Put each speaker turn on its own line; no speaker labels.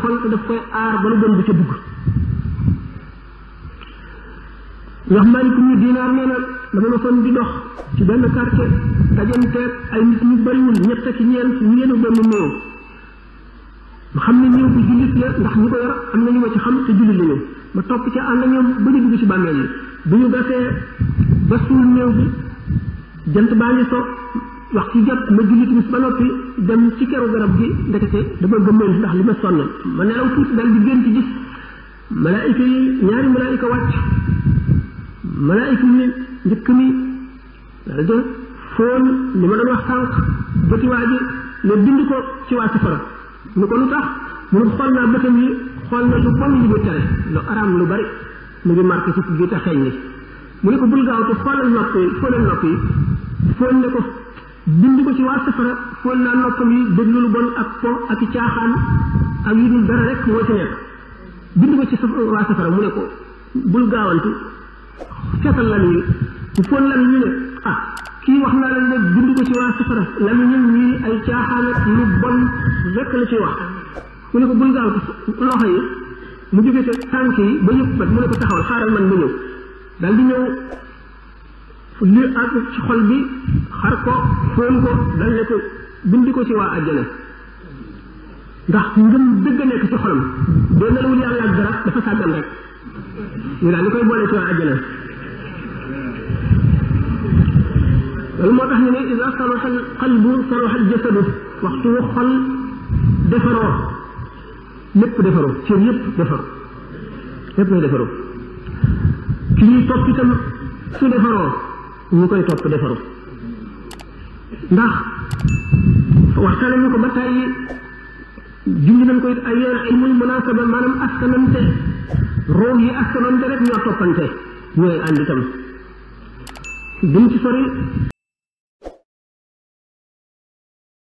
xol daf koy aar ba lu bon bu ca dugg wax Maalik ibnu Dinaar nee na dama masoon di dox ci benn quartier dajanteeg ay nit ñu bëriwul ñett ci ñeent ñu yenu benn néew ma xam ne néew bi jullit la ndax ñu ko yor am na ñu ma ci xam ci jullit lañu ma topp ci ànd ñoom ba ñu ci bàmmeel yi bu ñu gasee ba suul néew bi jant baa ngi so wax ci jot ma julli timis ba noppi dem ci keru garab gi ndekete dama gëmmant ndax li ma sonn ma nelaw tuuti daal di gént gis malaayika yi ñaari malaayika wàcc malaayika yi njëkk mi daal di ma doon wax sànq bëti waa ji ko ci waa safara ni ko lu tax mu ne xool naa bëtam yi xool na lu bon li ñu tere lu araam lu bari mu ngi marqué ci gi te xeeñ ni mu ne ko bul gaaw te xoolal nopp yi xoolal nopp yi foon ne ko bind ko ci waa safara foon naa noppam yi déglu lu bon ak po ak i caaxaan ak yu dul dara rek moo ci nekk bind ko ci waa safara mu ne ko bul gaawantu fetal lan yi bu foon lan ñu ne ah wax naa ne bind ko ci waa safara lan ñun ñii ay caaxaan ak lu bon rek ko bul gaawantu loxo yi mu jóge te tànk yi ba yëpp bat mu ne ko taxawal xaaral man ma ñëw daal di ñëw li ak ci xol bi xar ko foon ko dal ne ko bindi ko ci waa àjjana ndax ngëm dëgg nekk ci xolam doo nelawul yàlla ak dara dafa sàggan rek ñu daal ni koy boole ci waa àjjana loolu moo tax ñu ne ida saluxa alqalbu saluxa aljasadu waxtu wu xol defaroo lépp defaroo cër yépp defaroo lépp lay defaroo ki ñuy topp itam su defaroo ñu koy topp defaroo ndax waxtaane ñu ko ba tàyyi junj nañ ko it ay yoon ilmul munasaba maanaam askanante roog yi askanante rek ñoo toppante ñooy ànd itam duñ ci sori